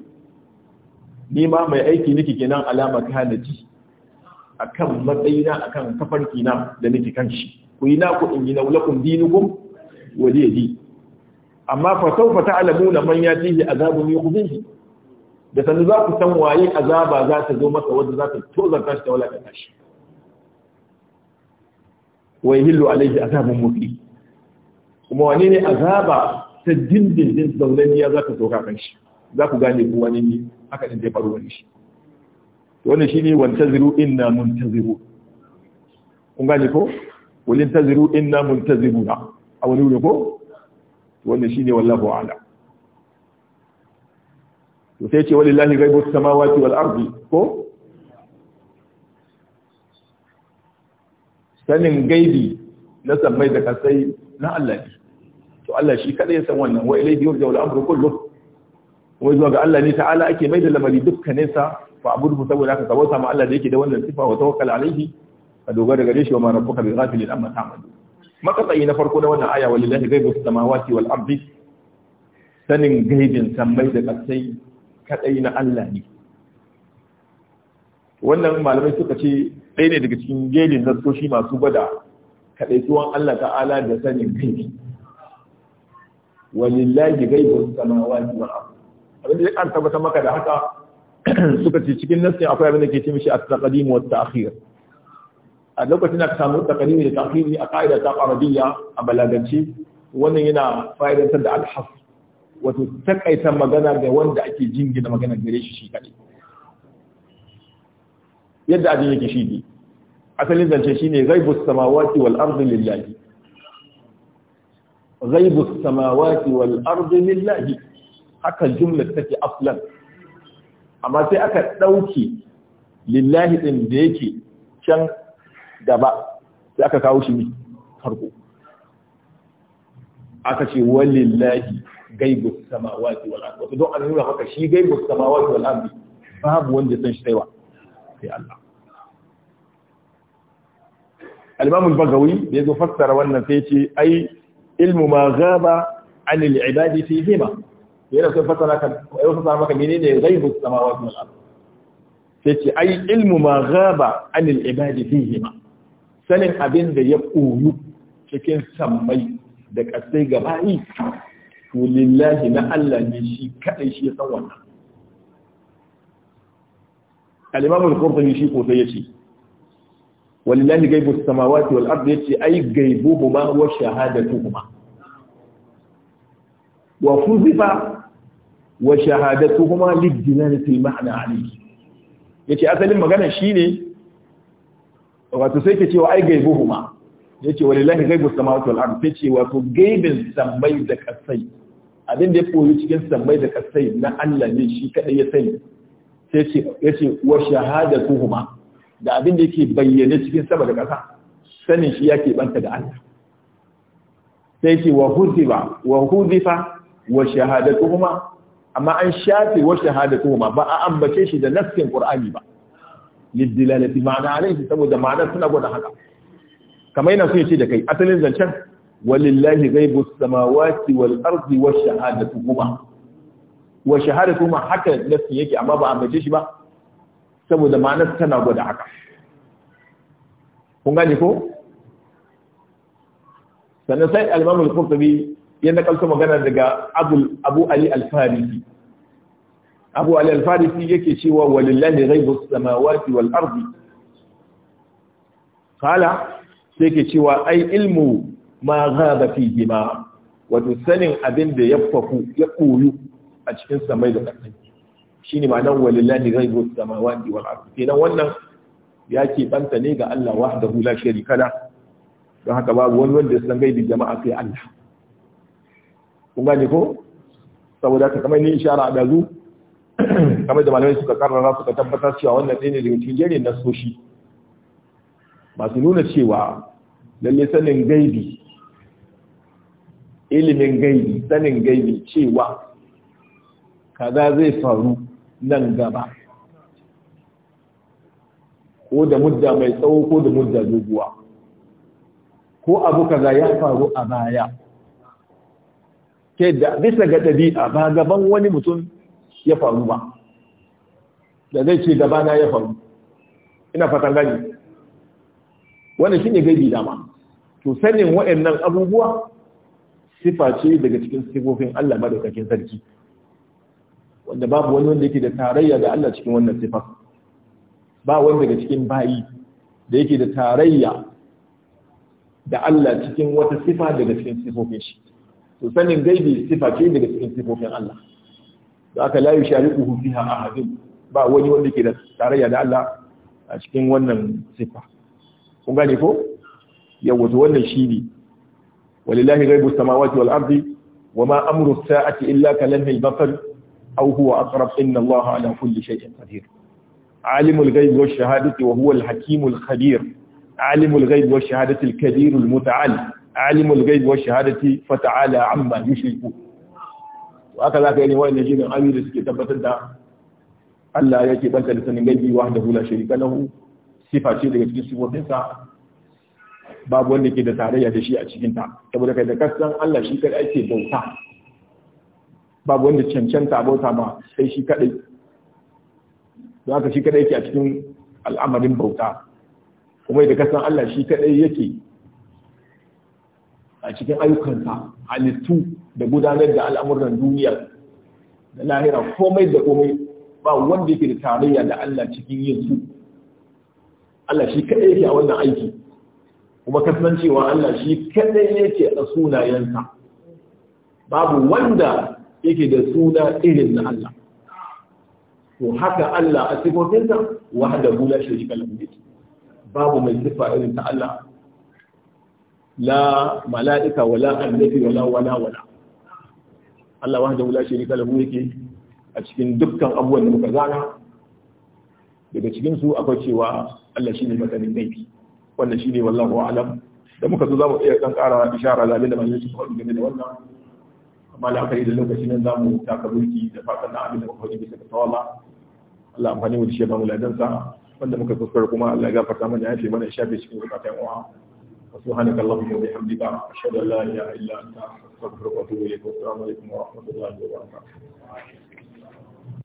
A: ni ma mai aiki nake kenan ala makanati akan matsayina akan tafarki na da nake kan shi ku yi naku in yi naulakun dinukum waliyadi amma fa sawfa ta'lamuna man yatihi azabun yukhzihi da sanu za ku san waye azaba za ta zo masa wanda za ta tozarta shi ta walakanta shi wa yahillu alayhi azabun muqim kuma wane ne azaba ta dindindin zaunaniya za ta sauka kan shi za ku gane ku wani ne haka din zai faru wani shi wannan shine wantaziru inna muntaziru kun gane ko walin taziru inna na a wani wuri ko wannan shine wallafa wa'ala. to sai ce wani walillahi ghaibu samawati wal ardi ko sanin gaibi na sammai da kasai na Allah ne to Allah shi kada ya san wannan wa biyu da wani amru kullum. wai zuwa ga Allah ne ta'ala ake mai da lamari dukkanin sa fa abudu saboda aka sabota ma Allah da yake da wannan sifa wa tawakkal alaihi A dogara gare shi wa ma rabbuka bi ghafilin amma ta'malu makatsayi na farko na wannan aya walillahi ghaibu samawati wal ardi sanin gaibin sammai da kasai kadai na Allah ne wannan malamai suka ce ɗaya ne daga cikin gelin shi masu gwada kadaituwan Allah ta'ala da sanin gaibi walillahi ghaibu samawati wal ardi abin da an tabbata maka da haka suka ce cikin nasin akwai abin da ke ce mishi at-taqdim wa at-ta'khir a lokacin da ka samu takalimi da tafiri a ka'ida ta arabiyya a balagance wannan yana fa'idantar da alhaf wato takaita magana ga wanda ake jingina magana gare shi shi kadai yadda abin yake shi ne asalin zance shine ghaibus samawati wal ardi lillahi ghaibus samawati wal ardi lillahi haka jumlar take aflan amma sai aka ɗauki lillahi ɗin da yake can gaba sai aka kawo shi ne farko aka ce walillahi gaibu samawati wal ardi don an nuna maka shi gaibu samawati wal ardi babu wanda ya san shi saiwa sai Allah al-imam al-bagawi da yazo fassara wannan sai ce ai ilmu ma ghaba an al-ibadi fi hima yana son fassara kan ai fassara maka menene gaibu samawati wal ardi sai ce ai ilmu ma ghaba an al-ibadi fi hima sanin abin da ya koyu cikin sammai da ƙasai gaba yi to lillahi na Allah ne shi kaɗai shi ya san wannan al-imam al-qurtubi shi ko sai yace walillahi ghaibu as-samawati wal ardi yace ai ghaibuhuma wa shahadatuhuma wa fuzifa wa shahadatuhuma lid dinani fil mana alayhi yace asalin magana shine wato sai ke cewa ai gaibuhuma yace walillahi gaibu samawati wal ard ce wato gaibin sammai da kasai abin da ya koyi cikin sammai da kasai na Allah ne shi kadai ya sani sai ce yace wa huma da abin da yake bayyane cikin sama da kasa sanin shi yake banta da Allah sai ce wa hudiba wa hudifa wa huma amma an shafe wa tuhuma. ba a ambace shi da nassin qur'ani ba liddilalati ma'ana alaihi saboda ma'ana suna gwada haka kamar yana so ya ce da kai asalin zancen walillahi ghaibu samawati wal ardi wash shahadatu huma wa shahadatu huma haka nafsi yake amma ba a ambace shi ba saboda ma'ana tana gwada haka kun gane ko sannan sai al-imam al-qurtubi yana nakalto magana daga abul abu ali al-farisi abu al-farisi yake cewa walillahi ghaibu samawati wal ardi kala sai yake cewa ai ilmu ma ghaba fihi ma wato sanin abin da ya faku ya koyu a cikin samai da ƙasa shine ma'anar walillahi ghaibu samawati wal ardi kenan wannan ya ke banta ne ga Allah wahdahu la sharika la don haka babu wani wanda ya san gaibi jama'a sai Allah kun gane ko saboda ka kamar ni ishara da zu kamar da malamai suka karrara suka tabbatar cewa wannan ɗaya ne daga cikin jerin nasoshi masu nuna cewa lalle sanin gaibi ilimin gaibi sanin gaibi cewa kaza zai faru nan gaba ko da mudda mai tsawo ko da mudda doguwa ko abu kaza ya faru a baya ke da bisa ga ɗabi'a ba gaban wani mutum ya faru ba da zai ce gaba na ya faru ina fatan gani shi ne gaibi dama to sanin waɗannan abubuwa sifa ce daga cikin sifofin Allah madaukakin sarki wanda babu wani wanda yake da tarayya da Allah cikin wannan sifa ba wani daga cikin bayi da yake da tarayya da Allah cikin wata sifa daga cikin sifofin shi to sanin gaibi sifa ce daga cikin sifofin Allah da aka la yushariku fiha ahadin ba wani wanda ke da tarayya da Allah a cikin wannan sifa kun gane ko Yau wato wannan shine walillahi ghaibus samawati wal ardi wama amru as-sa'ati illa kalamhil basar aw huwa aqrab inna Allah ala kulli shay'in qadir alimul ghaib wash shahadati wa huwa al-hakimul khabir alimul ghaib wash shahadati al-kadir al-muta'al alimul ghaib wash shahadati fata'ala amma yushrikun haka zaka yi ne wannan shi ne ayoyi da suke tabbatar da Allah ya ke banta da sanin gaji wa da hula shirika hu sifa ce daga cikin sifofinsa babu wanda ke da tarayya da shi a cikin ta saboda kai da kasan Allah shi kai ake bauta babu wanda cancanta bauta ba sai shi kadai don haka shi kadai yake a cikin al'amarin bauta kuma da kasan Allah shi kadai yake a cikin ayyukansa halittu da gudanar da al'amuran duniya da lahira komai da komai ba wanda yake da tarayya da Allah cikin yin su Allah shi kadai yake a wannan aiki kuma cewa Allah shi kadai yake a sunayensa babu wanda yake da suna irin na Allah to haka Allah a sifofinsa wahdahu shi sharika lahu babu mai sifa irin ta Allah la mala'ika wala annabi wala wala wala Allah wahdahu la sharika lahu yake a cikin dukkan abubuwan da muka gana, daga cikinsu akwai cewa Allah shi ne masanin laifi. wannan shi ne wallahu a'lam da muka zo mu iya ɗan ƙara ishara da abin da manzon shi faɗi game da wannan amma la'akari da lokacin nan mu taka burki da fatan na abin da muka faɗi bisa ga tawala Allah amfani mu da shi ba mu ladan sa wanda muka kuskura kuma Allah ya gafarta mana ya fi mana ya shafe cikin zakatan uwa سبحانك اللهم وبحمدك أشهد أن لا إله إلا أنت أستغفرك وأتوب إليك والسلام عليكم ورحمة الله وبركاته